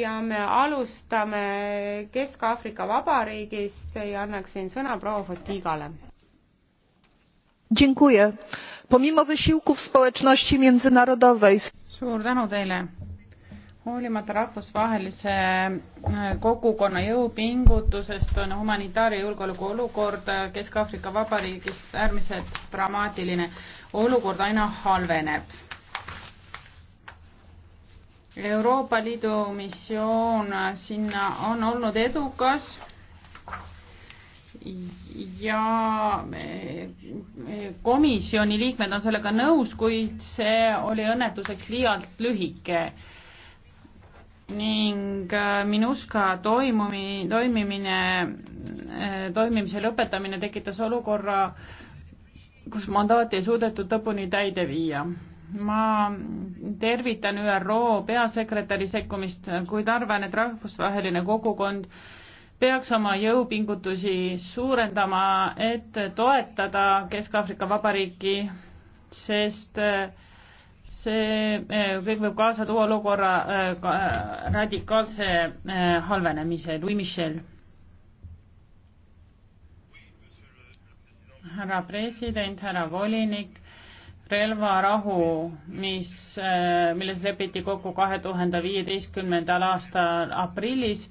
ja me alustame Kesk-Aafrika Vabariigist ja annaksin sõna proua Fotigale. suur tänu teile. hoolimata rahvusvahelise äh, kogukonna jõupingutusest on humanitaar- ja julgeolekuolukord äh, Kesk-Aafrika Vabariigis äärmiselt dramaatiline. olukord aina halveneb Euroopa Liidu missioon sinna on olnud edukas ja komisjoni liikmed on sellega nõus, kuid see oli õnnetuseks liialt lühike ning äh, Minuska toimumi, toimimine, äh, toimimise lõpetamine tekitas olukorra, kus mandaati ei suudetud lõpuni täide viia ma tervitan ÜRO peasekretäri sekkumist, kuid arvan, et rahvusvaheline kogukond peaks oma jõupingutusi suurendama, et toetada Kesk-Aafrika Vabariiki, sest eh, see eh, kõik võib kaasa tuua olukorra eh, radikaalse halvenemise. Louis Michel. härra president, härra volinik relvarahu, mis, äh, milles lepiti kokku kahe tuhande viieteistkümnendal aastal aprillis,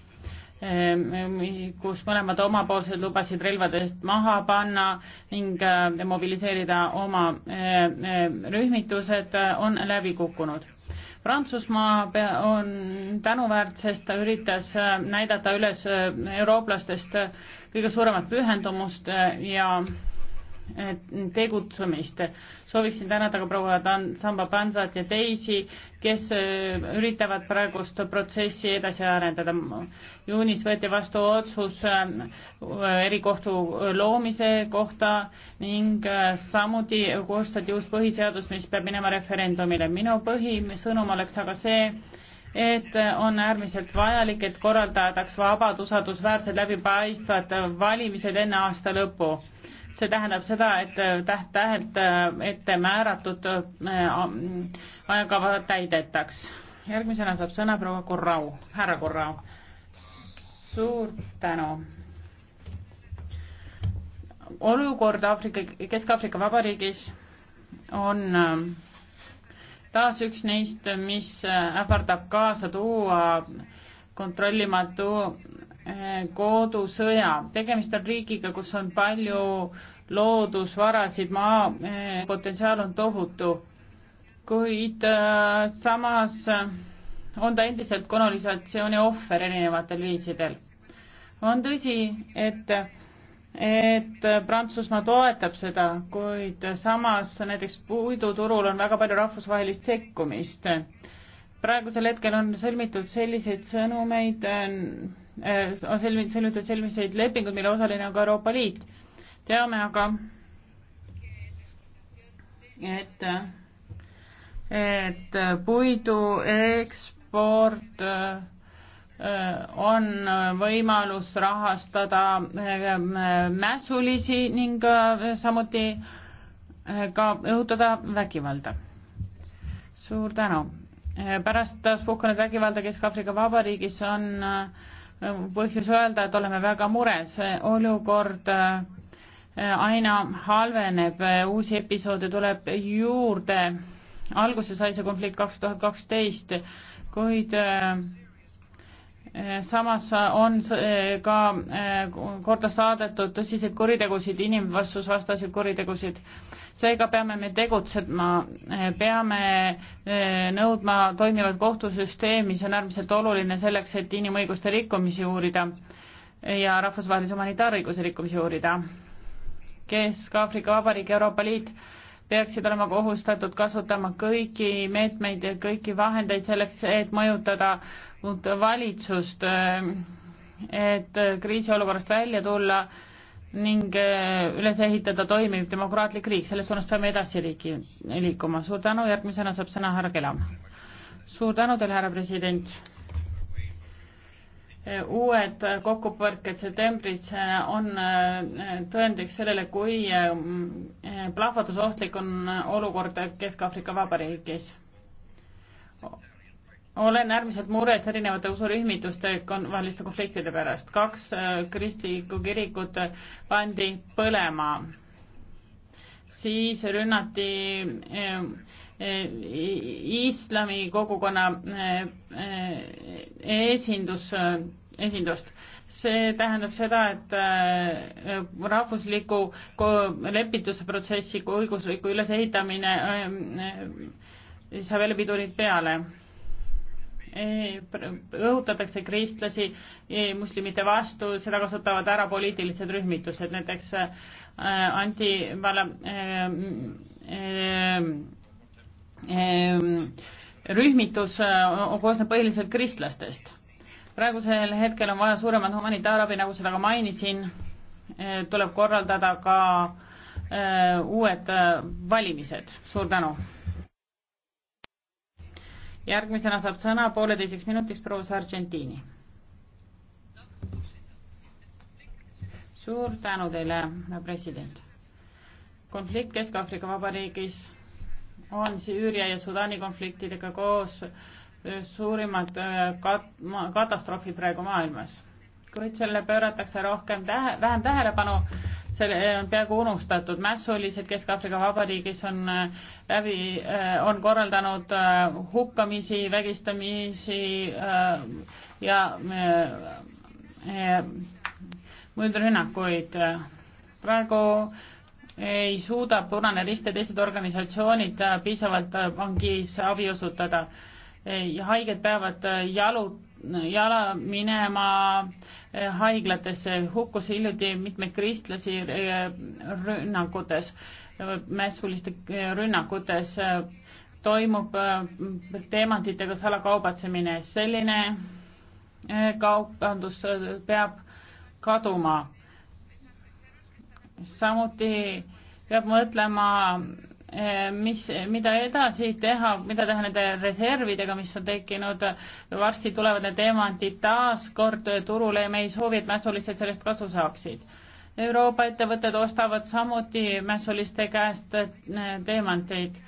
ähm, kus mõlemad omapoolsed lubasid relvadest maha panna ning äh, mobiliseerida oma äh, rühmitused, on läbi kukkunud. Prantsusmaa on tänuväärt, sest ta üritas näidata üles eurooplastest kõige suuremat pühendumust ja tegutsemist. sooviksin tänada ka proua Dan-, Samba Pansat ja teisi, kes äh, üritavad praegust protsessi edasi arendada. juunis võeti vastu otsus äh, erikohtu loomise kohta ning äh, samuti koostati uus põhiseadus, mis peab minema referendumile. minu põhisõnum oleks aga see, et on äärmiselt vajalik, et korraldataks vabad, usaldusväärsed, läbipaistvad valimised enne aasta lõppu. see tähendab seda, et täht-tähelt ette määratud äh, ajakava täidetaks. järgmisena saab sõna proua Korrau, härra Korrau. suur tänu olukord Aafrika, Kesk-Aafrika Vabariigis on äh, taas üks neist, mis äh, ähvardab kaasa tuua kontrollimatu äh, kodusõja. tegemist on riigiga, kus on palju loodusvarasid, maa äh, potentsiaal on tohutu, kuid samas on ta endiselt kolonisatsiooni ohver erinevatel viisidel. on tõsi, et et Prantsusmaa toetab seda, kuid samas näiteks puiduturul on väga palju rahvusvahelist sekkumist. praegusel hetkel on sõlmitud selliseid sõnumeid, on sõlmitud, sõlmitud selliseid lepinguid, mille osaline on ka Euroopa Liit. teame aga, et, et puidu eksport Äh, on äh, võimalus rahastada äh, mässulisi ning samuti ka õhutada vägivalda. suur tänu. pärast puhkunud vägivalda Kesk-Aafrika Vabariigis on põhjus öelda, et oleme väga mures, olukord aina halveneb, uusi episoode tuleb juurde. alguse sai see konflikt kaks tuhat kaksteist, kuid Eh, samas äh, on äh, ka äh, korda saadetud tõsiseid kuritegusid, inimvastususvastaseid kuritegusid. seega peame me tegutsema, peame nõudma toimivat kohtusüsteemi, see on äärmiselt oluline selleks, et inimõiguste rikkumisi uurida ja rahvusvahelise humanitaarõiguse rikkumisi uurida. Kesk-Aafrika Vabariik, Euroopa Liit peaksid olema kohustatud kasutama kõiki meetmeid ja kõiki vahendeid selleks, et mõjutada uut valitsust, et kriisiolukorrast välja tulla ning eh, üles ehitada toimiv demokraatlik riik, selles suunas peame edasi riiki liikuma. suur tänu, järgmisena saab sõna härra Kelam. suur tänu teile, härra president uued kokkupõrked septembris äh, on äh, tõendiks sellele, kui äh, plahvatusohtlik on olukord Kesk-Aafrika Vabariigis. olen äärmiselt mures erinevate usurühmituste vaheliste konfliktide pärast. kaks kristlikku kirikut pandi põlema, siis rünnati Eh, islami kogukonna eh, eh, esindus, esindust. see tähendab seda, et rahvusliku lepitusprotsessi õigusliku ülesehitamine saab jälle pidurid peale. õhutatakse kristlasi muslimite vastu, seda kasutavad ära poliitilised rühmitused, näiteks anti-, Ehm, rühmitus äh, koosneb põhiliselt kristlastest. praegusel hetkel on vaja suuremat humanitaarabi, nagu seda ka mainisin, äh, tuleb korraldada ka äh, uued valimised, suur tänu. järgmisena saab sõna pooleteiseks minutiks proua Sargentini. suur tänu teile, president. konflikt Kesk-Aafrika Vabariigis on Süüria ja Sudaani konfliktidega koos suurimad äh, kat-, katastroofid praegu maailmas. kuid selle pööratakse rohkem tähe, vähem tähelepanu, selle äh, on peaaegu unustatud, mässulised Kesk-Aafrika Vabariigis on äh, läbi, on korraldanud hukkamisi, vägistamisi ja mõõdrünnakuid. praegu ei suuda Punane Rist ja teised organisatsioonid äh, piisavalt äh, vangis abi osutada. haiged peavad äh, jalu, jala minema haiglatesse, hukkus hiljuti mitmeid kristlasi rünnakutes, mässuliste rünnakutes, toimub teemantidega salakaubitsemine, selline kaubandus peab kaduma samuti peab mõtlema, eh, mis, mida edasi teha, mida teha nende reservidega, mis on tekkinud, varsti tulevad need teemandid taas kord turule ja me ei soovi, et mässulised sellest kasu saaksid. Euroopa ettevõtted ostavad samuti mässuliste käest eh, teemanteid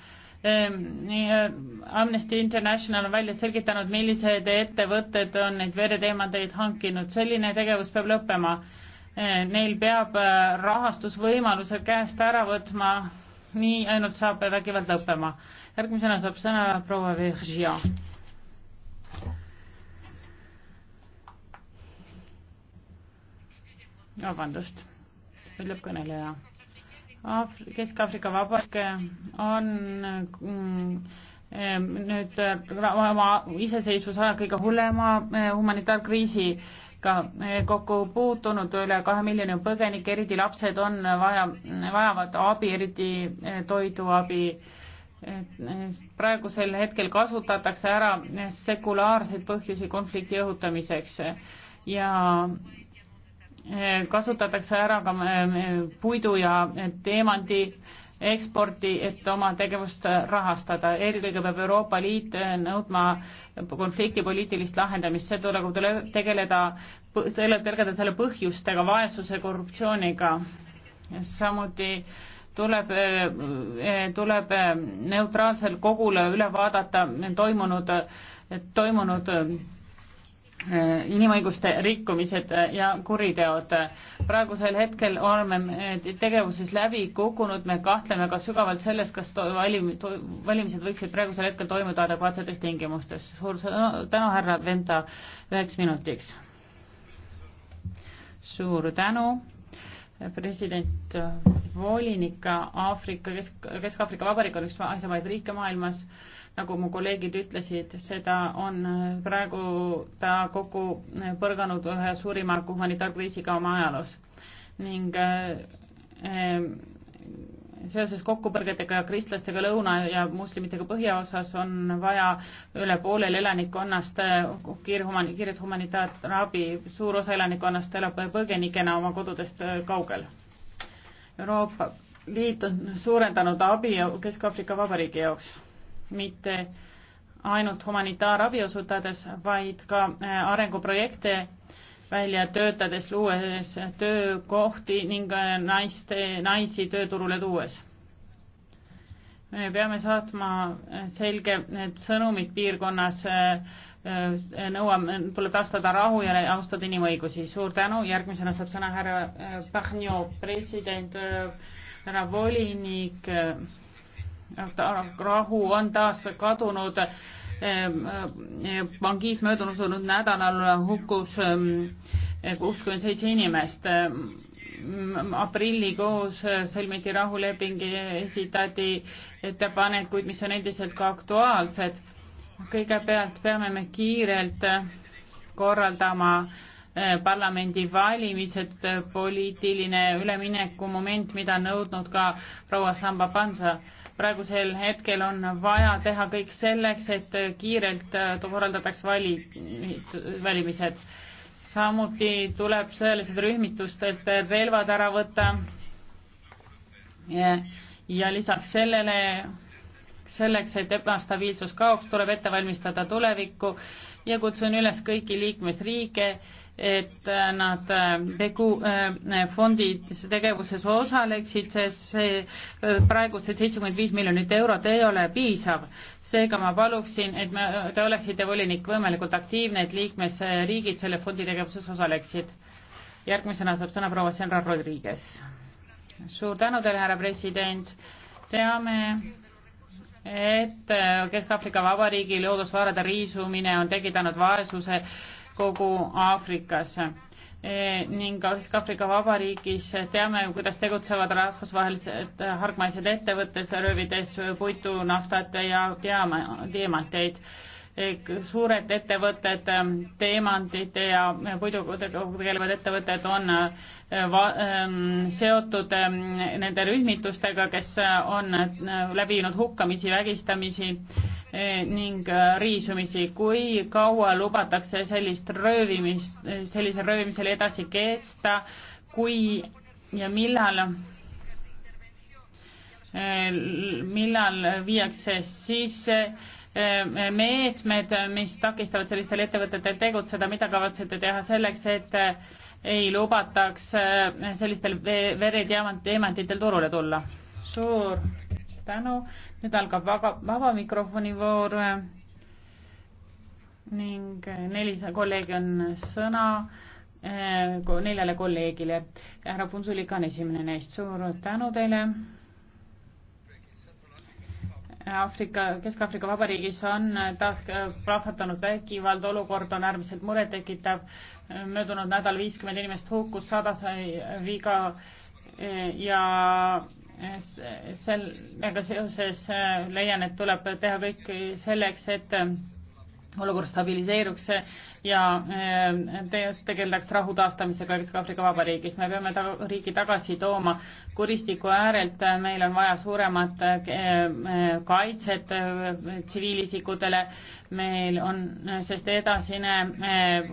eh, Amnesty International on välja selgitanud, millised ettevõtted on neid vereteemadeid hankinud. selline tegevus peab lõppema neil peab äh, rahastusvõimalused käest ära võtma, nii ainult saab vägivald lõppema. järgmisena saab sõna proua Virgia. vabandust, ütleb kõneleja. Aafri-, Kesk-Aafrika Vabariik on mm, eh, nüüd oma iseseisvuse ajal kõige hullema eh, humanitaarkriisi ka eh, kokku puutunud, üle kahe miljoni põgenike, eriti lapsed on vaja, vajavad abi, eriti eh, toiduabi. Eh, praegusel hetkel kasutatakse ära sekulaarseid põhjusi konflikti õhutamiseks ja kasutatakse ära ka puidu ja teemandi eksporti, et oma tegevust rahastada. eelkõige peab Euroopa Liit nõudma konflikti poliitilist lahendamist, see tuleb tegeleda, tuleb tegeleda selle põhjustega, vaesuse, korruptsiooniga. samuti tuleb, tuleb neutraalsel kogul üle vaadata toimunud, toimunud Äh, inimõiguste rikkumised äh, ja kuriteod. praegusel hetkel oleme me äh, tegevuses läbi kukkunud, me kahtleme ka sügavalt selles, kas valim-, valimised võiksid praegusel hetkel toimuda adekvaatsetes tingimustes. suur tänu, härra Venta, üheks minutiks. suur tänu, president volinik Aafrika, Kesk, Kesk-Aafrika Vabariik on üks asjamaid riike maailmas, nagu mu kolleegid ütlesid, seda on praegu ta kokku põrganud ühe suurima humanitaarkriisiga oma ajaloos. ning äh, seoses kokkupõrgetega kristlastega lõuna ja moslemitega põhjaosas on vaja üle poolel elanikkonnast eh, kiirhuman-, kiiret humanitaarabi, suur osa elanikkonnast elab põgenikena oma kodudest eh, kaugel. Euroopa Liit on suurendanud abi Kesk-Aafrika Vabariigi jaoks, mitte ainult humanitaarabi osutades, vaid ka äh, arenguprojekte välja töötades, luues töökohti ning äh, naiste, naisi tööturule tuues me peame saatma selge need sõnumid piirkonnas, äh, äh, nõuame, tuleb taastada rahu ja austada inimõigusi. suur tänu, järgmisena saab sõna härra Pahnjo, äh, president, härra volinik. rahu on taas kadunud. Bangis möödunud nädalal hukkus ähm, kuuskümmend seitse inimest aprillikuus sõlmiti rahuleping ja esitati ettepanekuid, mis on endiselt ka aktuaalsed. kõigepealt peame me kiirelt korraldama eh, parlamendivalimised, eh, poliitiline üleminekumoment, mida on nõudnud ka proua Samba Pansa. praegusel hetkel on vaja teha kõik selleks, et kiirelt eh, korraldataks vali-, valimised samuti tuleb sõjalised rühmitustelt relvad ära võtta ja, ja lisaks sellele, selleks, et ebastabiilsus kaoks, tuleb ette valmistada tulevikku ja kutsun üles kõiki liikmesriike et äh, nad tegu, äh, äh, fondis tegevuses osaleksid, sest see praegused seitsekümmend viis miljonit eurot ei ole piisav. seega ma paluksin, et me, te oleksite volinik võimalikult aktiivne, et liikmesriigid selle fondi tegevuses osaleksid. järgmisena saab sõna proua Senra Rodriguez. suur tänu teile, härra president. teame, et Kesk-Aafrika Vabariigi loodusvarade riisumine on tekitanud vaesuse kogu Aafrikas e, ning Kesk-Aafrika Vabariigis teame, kuidas tegutsevad rahvusvahelised hargmaised ettevõtted, röövides puitu, naftat ja diama-, diamanteid. E, suured ettevõtted, teemantide ja puidukogudega tegelevad ettevõtted on e, va-, seotud nende rühmitustega, kes on läbi viinud hukkamisi, vägistamisi Eh, ning äh, riisumisi, kui kaua lubatakse sellist röövimist, eh, sellisel röövimisel edasi kesta, kui ja millal, eh, millal viiakse sisse meetmed, mis takistavad sellistel ettevõtetel tegutseda, mida kavatsete teha selleks, et ei lubataks sellistel verediamantitel turule tulla? suur tänu. nüüd algab vaba, vaba mikrofoni voor ning eh, neli kolleegi on sõna eh, neljale kolleegile. härra Punsulik on esimene neist, suur tänu teile. Aafrika, Kesk-Aafrika Vabariigis on taas eh, plahvatanud vägivald, olukord on äärmiselt murettekitav. möödunud nädal viiskümmend inimest hukkus, sada sai viga ja sellega seoses äh, leian, et tuleb teha kõik selleks, et äh, olukord stabiliseeruks ja äh, tegeldaks rahu taastamisega Kesk-Aafrika Vabariigis. me peame ta riigi tagasi tooma kuristiku äärelt, meil on vaja suuremat kaitset tsiviilisikutele, meil on, sest edasine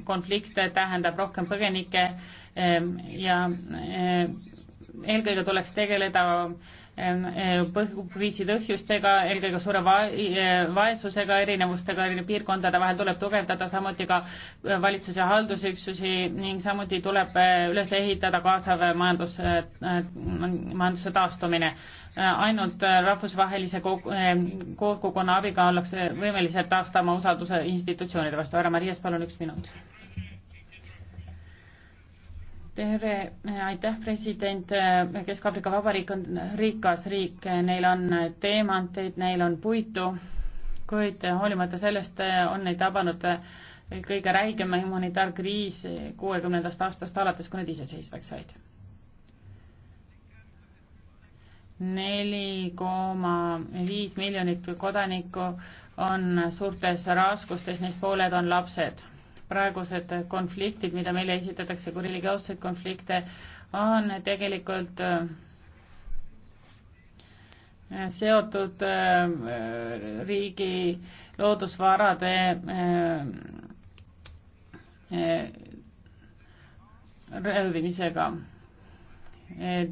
konflikt tähendab rohkem põgenikke ja eelkõige tuleks tegeleda kriisi põhjustega, eelkõige suure e, vaesusega, erinevustega piirkondade vahel tuleb tugevdada, samuti ka e, valitsuse haldusüksusi ning samuti tuleb e, üles ehitada kaasav majandus, majanduse taastumine. ainult rahvusvahelise kogukonna abiga ollakse võimelised taastama usalduse institutsioonide vastu. härra Marias, palun üks minut tere, aitäh, president. Kesk-Aafrika Vabariik on rikas riik, neil on teemanteid, neil on puitu, kuid hoolimata sellest on neid tabanud kõige räigem humanitaarkriis kuuekümnendast aastast alates, kui nad iseseisvaks said. neli koma viis miljonit kodanikku on suurtes raskustes, neist pooled on lapsed praegused konfliktid, mida meile esitatakse kui religioosseid konflikte, on tegelikult äh, seotud äh, riigi loodusvarade äh, röövimisega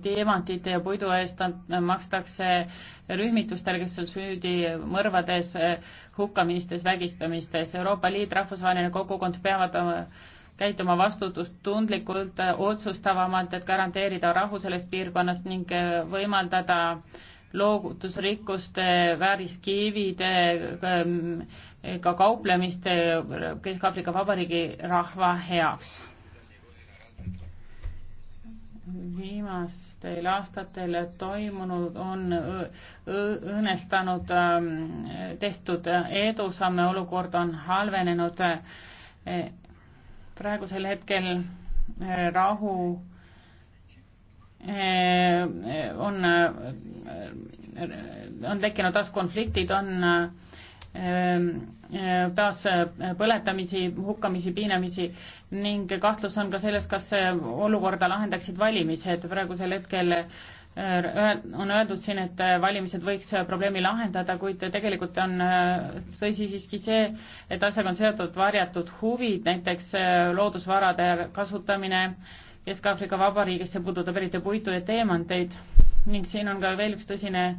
diamantide ja puidu eest makstakse rühmitustele, kes on süüdi mõrvades, hukkamistes, vägistamistes. Euroopa Liit, rahvusvaheline kogukond peavad käituma vastutustundlikult, otsustavamalt, et garanteerida rahu selles piirkonnas ning võimaldada loovutusrikkuste, vääriskiivide, ka kauplemiste Kesk-Aafrika Vabariigi rahva heaks viimastel aastatel toimunud on õõnestanud ähm, tehtud edusamme, olukord on halvenenud. E, praegusel hetkel e, rahu e, on, on tekkinud taas konfliktid, on Ehm, ehm, taas eh, põletamisi, hukkamisi, piinamisi ning kahtlus on ka selles, kas olukorda lahendaksid valimised. praegusel hetkel eh, on öeldud siin, et eh, valimised võiks probleemi lahendada, kuid tegelikult on tõsi siiski see, et asjaga on seotud varjatud huvid, näiteks loodusvarade kasutamine Kesk-Aafrika Vabariigis, see puudutab eriti puitu ja teemanteid ning siin on ka veel üks tõsine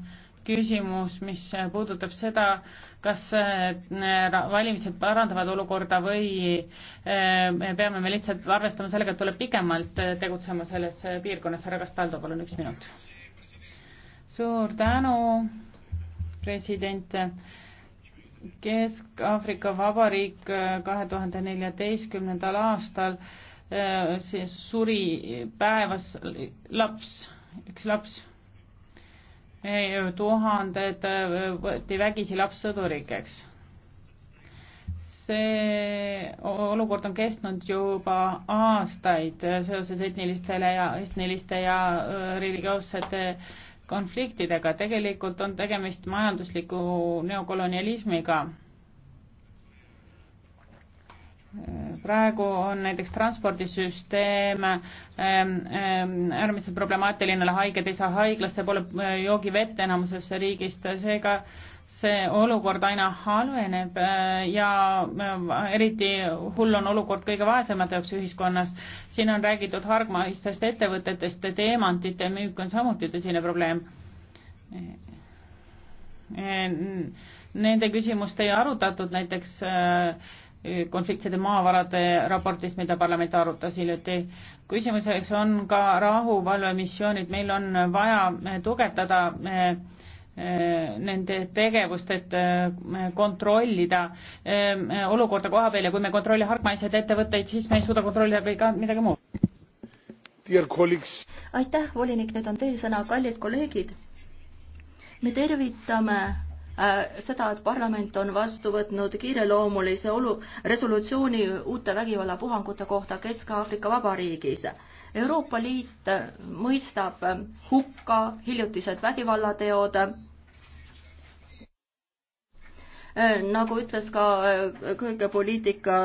küsimus, mis puudutab seda, kas äh, valimised parandavad olukorda või me äh, peame me lihtsalt arvestama sellega, et tuleb pikemalt äh, tegutsema selles piirkonnas. härra Kastaldo, palun üks minut. suur tänu, president. Kesk-Aafrika Vabariik kahe tuhande neljateistkümnendal aastal siis suri päevas laps, üks laps tuhanded võeti vägisi lapssõdurikeks. see olukord on kestnud juba aastaid seoses etnilistele ja etniliste ja religioossete konfliktidega, tegelikult on tegemist majandusliku neokolonialismiga praegu on näiteks transpordisüsteem ähm, ähm, äärmiselt problemaatiline, haiged ei saa haiglasse, pole äh, joogivett enamuses riigist, seega see olukord aina halveneb äh, ja äh, eriti hull on olukord kõige vaesemate jaoks ühiskonnas. siin on räägitud hargmaistest ettevõtetest, teemantide müük on samuti tõsine probleem. Nende küsimust ei arutatud näiteks äh, konfliktsete maavarade raportist, mida parlament arutas hiljuti. küsimuseks on ka rahuvalvemissioonid, meil on vaja eh, tugevdada eh, eh, nende tegevust, et kontrollida olukorda koha peal ja kui me ei kontrolli hargmaiseid ettevõtteid, siis me ei suuda kontrollida ka midagi muud. aitäh, volinik, nüüd on teie sõna, kallid kolleegid. me tervitame Äh, seda, et parlament on vastu võtnud kiireloomulise olu-, resolutsiooni uute vägivallapuhangute kohta Kesk-Aafrika Vabariigis. Euroopa Liit mõistab hukka hiljutised vägivallateod, äh, nagu ütles ka äh, kõrge poliitika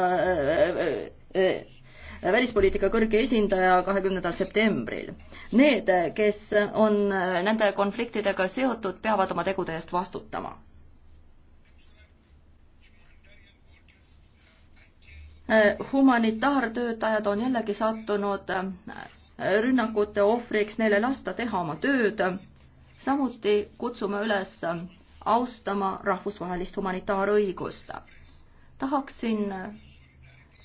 välispoliitika kõrge esindaja kahekümnendal septembril. Need, kes on nende konfliktidega seotud, peavad oma tegude eest vastutama. humanitaartöötajad on jällegi sattunud rünnakute ohvriks, neile lasta teha oma tööd. samuti kutsume üles austama rahvusvahelist humanitaarõigust. tahaksin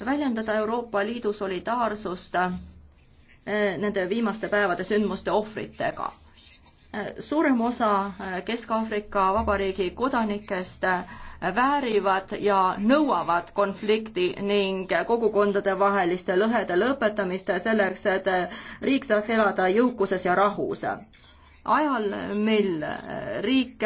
väljendada Euroopa Liidu solidaarsust eh, nende viimaste päevade sündmuste ohvritega. Eh, suurem osa eh, Kesk-Aafrika Vabariigi kodanikest väärivad ja nõuavad konflikti ning kogukondade vaheliste lõhede lõpetamist selleks, et riik saaks elada jõukuses ja rahus. ajal, mil riik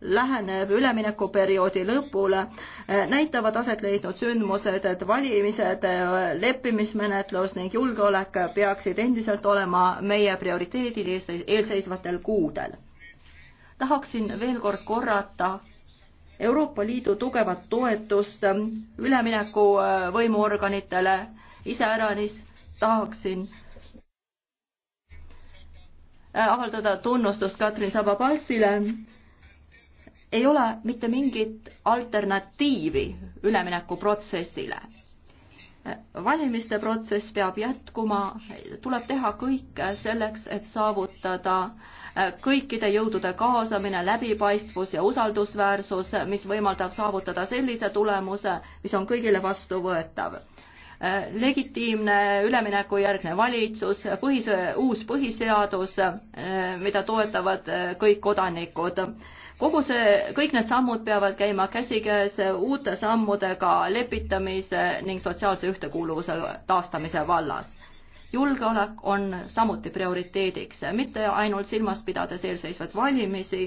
läheneb üleminekuperioodi lõpule, eh, näitavad aset leidnud sündmused, et valimised, eh, leppimismenetlus ning julgeolek peaksid endiselt olema meie prioriteedid eelseisvatel kuudel. tahaksin veel kord korrata Euroopa Liidu tugevat toetust eh, üleminekuvõimuorganitele, iseäranis tahaksin avaldada tunnustust Katrin Sababalsile, ei ole mitte mingit alternatiivi üleminekuprotsessile. valimiste protsess peab jätkuma, tuleb teha kõik selleks, et saavutada kõikide jõudude kaasamine, läbipaistvus ja usaldusväärsus, mis võimaldab saavutada sellise tulemuse, mis on kõigile vastuvõetav legitiimne üleminekujärgne valitsus, põhise, uus põhiseadus, mida toetavad kõik kodanikud kogu see, kõik need sammud peavad käima käsikäes uute sammudega lepitamise ning sotsiaalse ühtekuuluvuse taastamise vallas. julgeolek on samuti prioriteediks, mitte ainult silmas pidades eelseisvaid valimisi,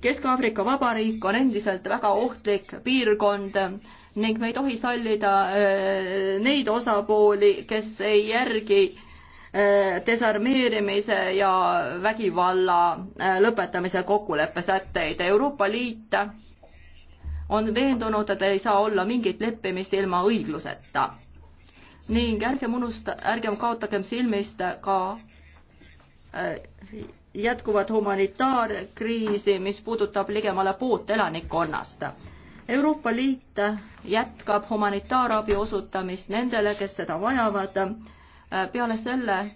Kesk-Aafrika Vabariik on endiselt väga ohtlik piirkond ning me ei tohi sallida äh, neid osapooli, kes ei järgi Äh, desarmeerimise ja vägivalla äh, lõpetamise kokkuleppe sätteid. Euroopa Liit on veendunud, et ei saa olla mingit leppimist ilma õigluseta. ning ärgem unusta, ärgem kaotagem silmist ka äh, jätkuvat humanitaarkriisi, mis puudutab ligemale poolt elanikkonnast. Euroopa Liit jätkab humanitaarabi osutamist nendele, kes seda vajavad peale selle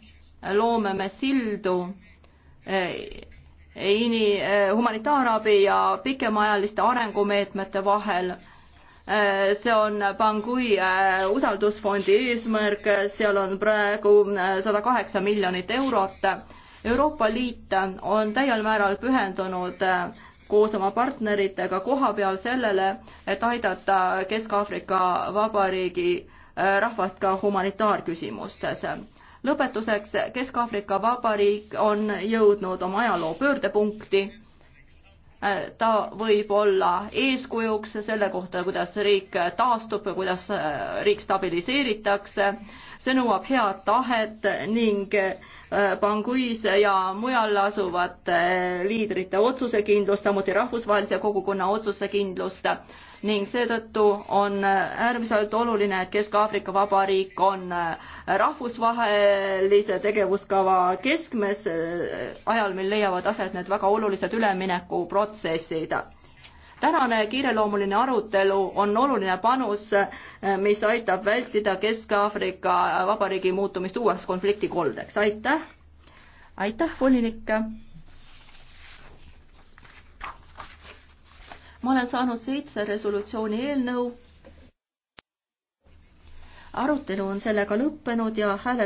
loome me sildu eh, ini-, eh, humanitaarabi ja pikemaajaliste arengumeetmete vahel. Eh, see on Bangui usaldusfondi eesmärk, seal on praegu sada kaheksa miljonit eurot. Euroopa Liit on täiel määral pühendunud koos oma partneritega koha peal sellele, et aidata Kesk-Aafrika Vabariigi rahvast ka humanitaarküsimustes. lõpetuseks, Kesk-Aafrika Vabariik on jõudnud oma ajaloo pöördepunkti. ta võib olla eeskujuks selle kohta, kuidas riik taastub, kuidas riik stabiliseeritakse see nõuab head tahet ning äh, Banguis ja mujal asuvate äh, liidrite otsusekindlust, samuti rahvusvahelise kogukonna otsusekindlust ning seetõttu on äh, äärmiselt oluline, et Kesk-Aafrika Vabariik on rahvusvahelise tegevuskava keskmes ajal, mil leiavad aset need väga olulised üleminekuprotsessid tänane kiireloomuline arutelu on oluline panus, eh, mis aitab vältida Kesk-Aafrika Vabariigi muutumist uueks konfliktikoldeks, aitäh. aitäh, volinik. ma olen saanud seitse resolutsiooni eelnõu. arutelu on sellega lõppenud ja hääletus